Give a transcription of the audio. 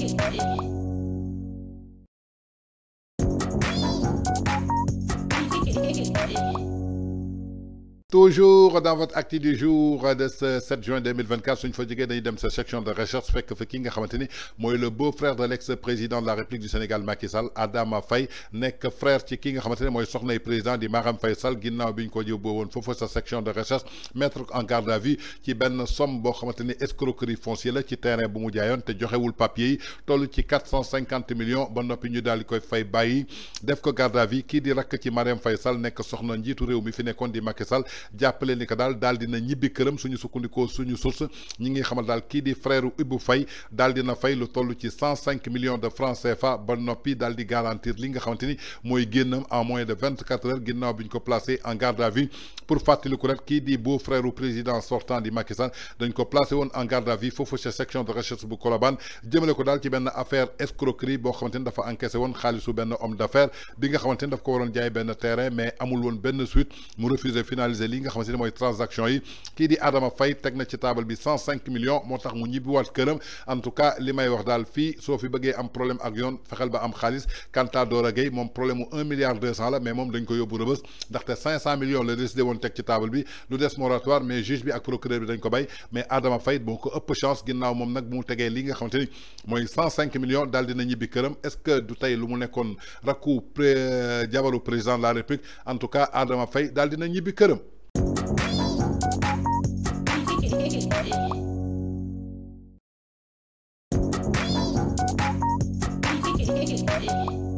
Thank you. toujours dans votre acte du jour de ce 7 juin 2024 une fa jógee dem section de recherche fekk fa ki nga moi le beau frère de lex président de la république du Sénégal Macky Sall Adama Faye que frère ci ki nga moi ni mooy président de Maram Faye Sall ginnaaw bi ñu ko sa section de recherche mettre en garde à vue ci ben somme bo escroquerie foncière qui ci terrain bu mu jaayoon ou joxewul papier yi 450 millions ba noppi ñu daal di fay bàyyi def ko garde à vue kii di que ci Maram Faye Sall soxna njiitu réew mi fi nekkoon di Macky Sall jàppale ni que dal dal dina ñibbi kërëm suñu sukkandikoo suñu source ñi ngi xamal dal ki di frère Ibou Faye dal dina fay lu tollu ci cent cinq millions de francs CFA ba nopi dal di garantir li nga xamanteni moy mooy en moins de vingt quatre heures ginnaw biñ ko placé en garde à vue pour ko rek ki di beau frère président sortant di Macky Sall dañ ko placer won en garde à vue fofu ca section de recherche bu Colobane jëmele ko dal ci ben affaire escroquerie bo xamanteni dafa encaissé won xaalisu ben homme d'affaires bi nga xamanteni daf ko waron jaay ben terrain mais amul won ben suite mu refusé finaliser li nga transaction Adama Faye na table 105 millions motax mu ñibi en tout cas les may wax sauf problème ak yoon ba am à problème 1 un milliard de mais mon dañ ko millions le décidé de ci table bi des moratoire mais juge bi procureur bi dañ mais Adama Faye boko upp chance mom nak fait mu li nga millions est-ce que du lu mu président de la république en tout cas Adama Faye dal dina Thank you.